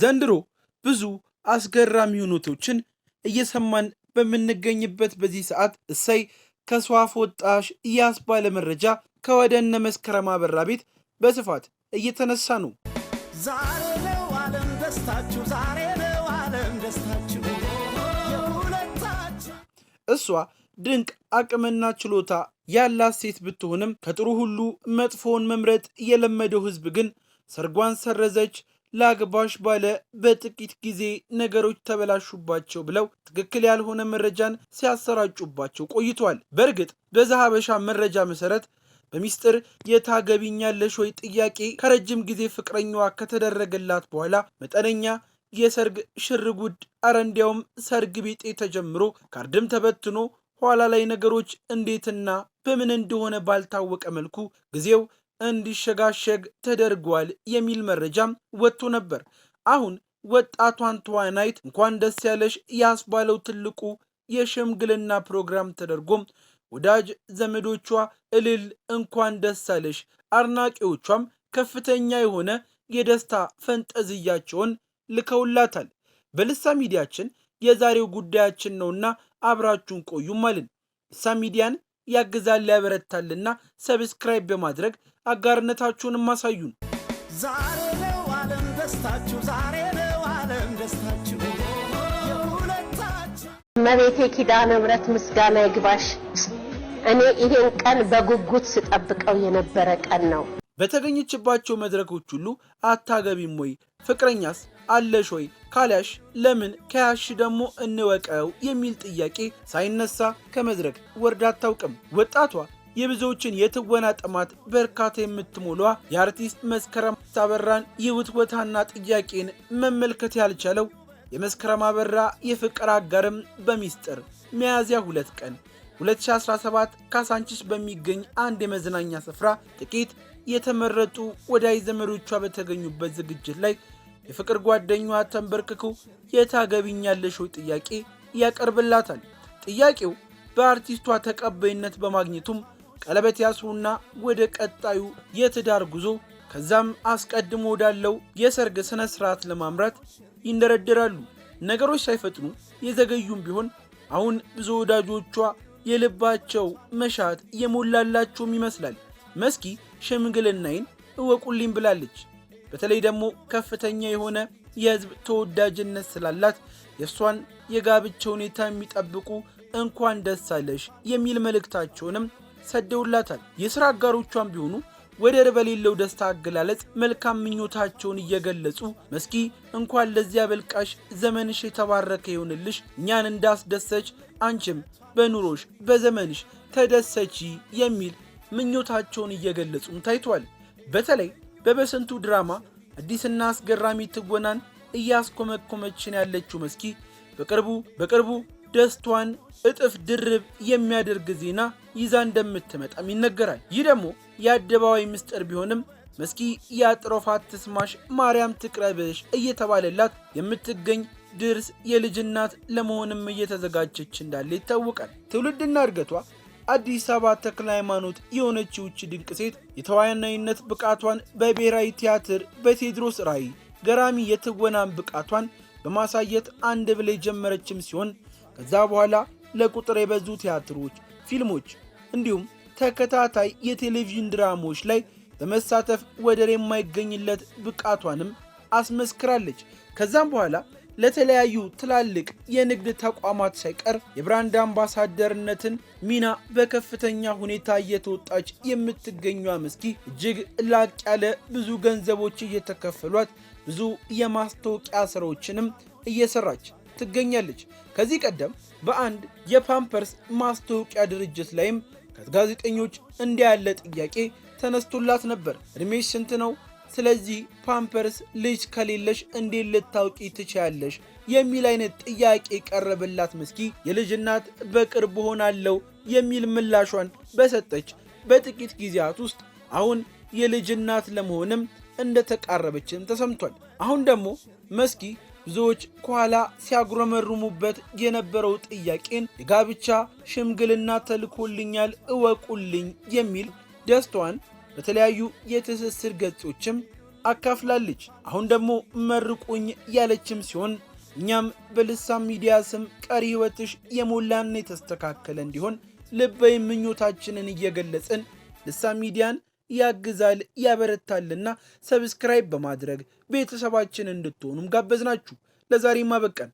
ዘንድሮ ብዙ አስገራሚ ሁነቶችን እየሰማን በምንገኝበት በዚህ ሰዓት እሰይ ከሷፍ ወጣሽ እያስባለ መረጃ ከወደ እነ መስከረም አበራ ቤት በስፋት እየተነሳ ነው። ዛሬ ነው ዓለም ደስታችሁ፣ ዛሬ ነው ዓለም ደስታችሁ። እሷ ድንቅ አቅምና ችሎታ ያላት ሴት ብትሆንም ከጥሩ ሁሉ መጥፎውን መምረጥ የለመደው ሕዝብ ግን ሰርጓን ሰረዘች ለአግባሽ ባለ በጥቂት ጊዜ ነገሮች ተበላሹባቸው ብለው ትክክል ያልሆነ መረጃን ሲያሰራጩባቸው ቆይቷል። በእርግጥ በዛ ሀበሻ መረጃ መሰረት በሚስጥር የታገቢኛለሽ ወይ ጥያቄ ከረጅም ጊዜ ፍቅረኛዋ ከተደረገላት በኋላ መጠነኛ የሰርግ ሽርጉድ አረንዲያውም ሰርግ ቤጤ ተጀምሮ ካርድም ተበትኖ ኋላ ላይ ነገሮች እንዴትና በምን እንደሆነ ባልታወቀ መልኩ ጊዜው እንዲሸጋሸግ ተደርጓል የሚል መረጃም ወጥቶ ነበር። አሁን ወጣቷን ተዋናይት እንኳን ደስ ያለሽ ያስባለው ትልቁ የሽምግልና ፕሮግራም ተደርጎም ወዳጅ ዘመዶቿ እልል እንኳን ደስ አለሽ፣ አድናቂዎቿም ከፍተኛ የሆነ የደስታ ፈንጠዝያቸውን ልከውላታል። በልሳ ሚዲያችን የዛሬው ጉዳያችን ነውና አብራችሁን ቆዩም አልን። ልሳ ሚዲያን ያግዛል ያበረታልና ሰብስክራይብ በማድረግ አጋርነታችሁን ማሳዩን። ዛሬ ነው ዓለም ደስታችሁ፣ ዛሬ ነው ዓለም ደስታችሁ። ኪዳነ ምሕረት ምስጋና ይግባሽ። እኔ ይሄን ቀን በጉጉት ስጠብቀው የነበረ ቀን ነው። በተገኘችባቸው መድረኮች ሁሉ አታገቢም ወይ ፍቅረኛስ አለሽ ወይ ካልያሽ ለምን ከያሽ ደግሞ እንወቀው የሚል ጥያቄ ሳይነሳ ከመድረክ ወርዳ አታውቅም። ወጣቷ የብዙዎችን የትወና ጥማት በርካታ የምትሞሏ የአርቲስት መስከረም አበራን የውትወታና ጥያቄን መመልከት ያልቻለው የመስከረም አበራ የፍቅር አጋርም በሚስጥር ሚያዝያ ሁለት ቀን 2017 ካሳንቺስ በሚገኝ አንድ የመዝናኛ ስፍራ ጥቂት የተመረጡ ወዳጅ ዘመዶቿ በተገኙበት ዝግጅት ላይ የፍቅር ጓደኛዋ ተንበርክኮ የታገቢኛለሽ ጥያቄ ያቀርብላታል። ጥያቄው በአርቲስቷ ተቀባይነት በማግኘቱም ቀለበት ያስሩና ወደ ቀጣዩ የትዳር ጉዞ ከዛም አስቀድሞ ወዳለው የሰርግ ስነ ስርዓት ለማምራት ይንደረደራሉ። ነገሮች ሳይፈጥኑ የዘገዩም ቢሆን አሁን ብዙ ወዳጆቿ የልባቸው መሻት የሞላላቸውም ይመስላል። መስኪ ሽምግልናዬን እወቁልኝ ብላለች። በተለይ ደግሞ ከፍተኛ የሆነ የህዝብ ተወዳጅነት ስላላት የእሷን የጋብቻ ሁኔታ የሚጠብቁ እንኳን ደስ አለሽ የሚል መልእክታቸውንም ሰደውላታል። የሥራ አጋሮቿም ቢሆኑ ወደር በሌለው ደስታ አገላለጽ መልካም ምኞታቸውን እየገለጹ መስኪ እንኳን ለዚያ በልቃሽ ዘመንሽ የተባረከ ይሆንልሽ፣ እኛን እንዳስደሰች አንቺም በኑሮሽ በዘመንሽ ተደሰቺ የሚል ምኞታቸውን እየገለጹም ታይቷል። በተለይ በበስንቱ ድራማ አዲስና አስገራሚ ትወናን እያስኮመኮመችን ያለችው መስኪ በቅርቡ በቅርቡ ደስቷን እጥፍ ድርብ የሚያደርግ ዜና ይዛ እንደምትመጣም ይነገራል። ይህ ደግሞ የአደባባይ ምስጢር ቢሆንም መስኪ የአጥሮፋት ትስማሽ ማርያም ትቅረብሽ እየተባለላት የምትገኝ ድርስ የልጅ እናት ለመሆንም እየተዘጋጀች እንዳለ ይታወቃል። ትውልድና እድገቷ አዲስ አበባ ተክለ ሃይማኖት የሆነች ውች ድንቅ ሴት የተዋናይነት ብቃቷን በብሔራዊ ቲያትር በቴዎድሮስ ራዕይ ገራሚ የትወናን ብቃቷን በማሳየት አንድ ብላ የጀመረችም ሲሆን ከዛ በኋላ ለቁጥር የበዙ ቲያትሮች ፊልሞች እንዲሁም ተከታታይ የቴሌቪዥን ድራማዎች ላይ በመሳተፍ ወደር የማይገኝለት ብቃቷንም አስመስክራለች። ከዛም በኋላ ለተለያዩ ትላልቅ የንግድ ተቋማት ሳይቀር የብራንድ አምባሳደርነትን ሚና በከፍተኛ ሁኔታ እየተወጣች የምትገኟ መስኪ እጅግ ላቅ ያለ ብዙ ገንዘቦች እየተከፈሏት ብዙ የማስታወቂያ ስራዎችንም እየሰራች ትገኛለች። ከዚህ ቀደም በአንድ የፓምፐርስ ማስታወቂያ ድርጅት ላይም ከጋዜጠኞች እንዲህ ያለ ጥያቄ ተነስቶላት ነበር። እድሜሽ ስንት ነው? ስለዚህ ፓምፐርስ ልጅ ከሌለሽ እንዴት ልታውቂ ትችያለሽ? የሚል አይነት ጥያቄ ቀረበላት። ምስኪ የልጅ እናት በቅርብ ሆናለሁ የሚል ምላሿን በሰጠች በጥቂት ጊዜያት ውስጥ አሁን የልጅ እናት ለመሆንም እንደተቃረበችም ተሰምቷል። አሁን ደግሞ መስኪ ብዙዎች ከኋላ ሲያጉረመርሙበት የነበረው ጥያቄን የጋብቻ ሽምግልና ተልኮልኛል እወቁልኝ የሚል ደስቷን በተለያዩ የትስስር ገጾችም አካፍላለች። አሁን ደግሞ መርቁኝ ያለችም ሲሆን እኛም በልሳን ሚዲያ ስም ቀሪ ሕይወትሽ የሞላና የተስተካከለ እንዲሆን ልበይ ምኞታችንን እየገለጽን ልሳን ሚዲያን ያግዛል፣ ያበረታልና ሰብስክራይብ በማድረግ ቤተሰባችን እንድትሆኑም ጋበዝናችሁ። ለዛሬ ማበቃን።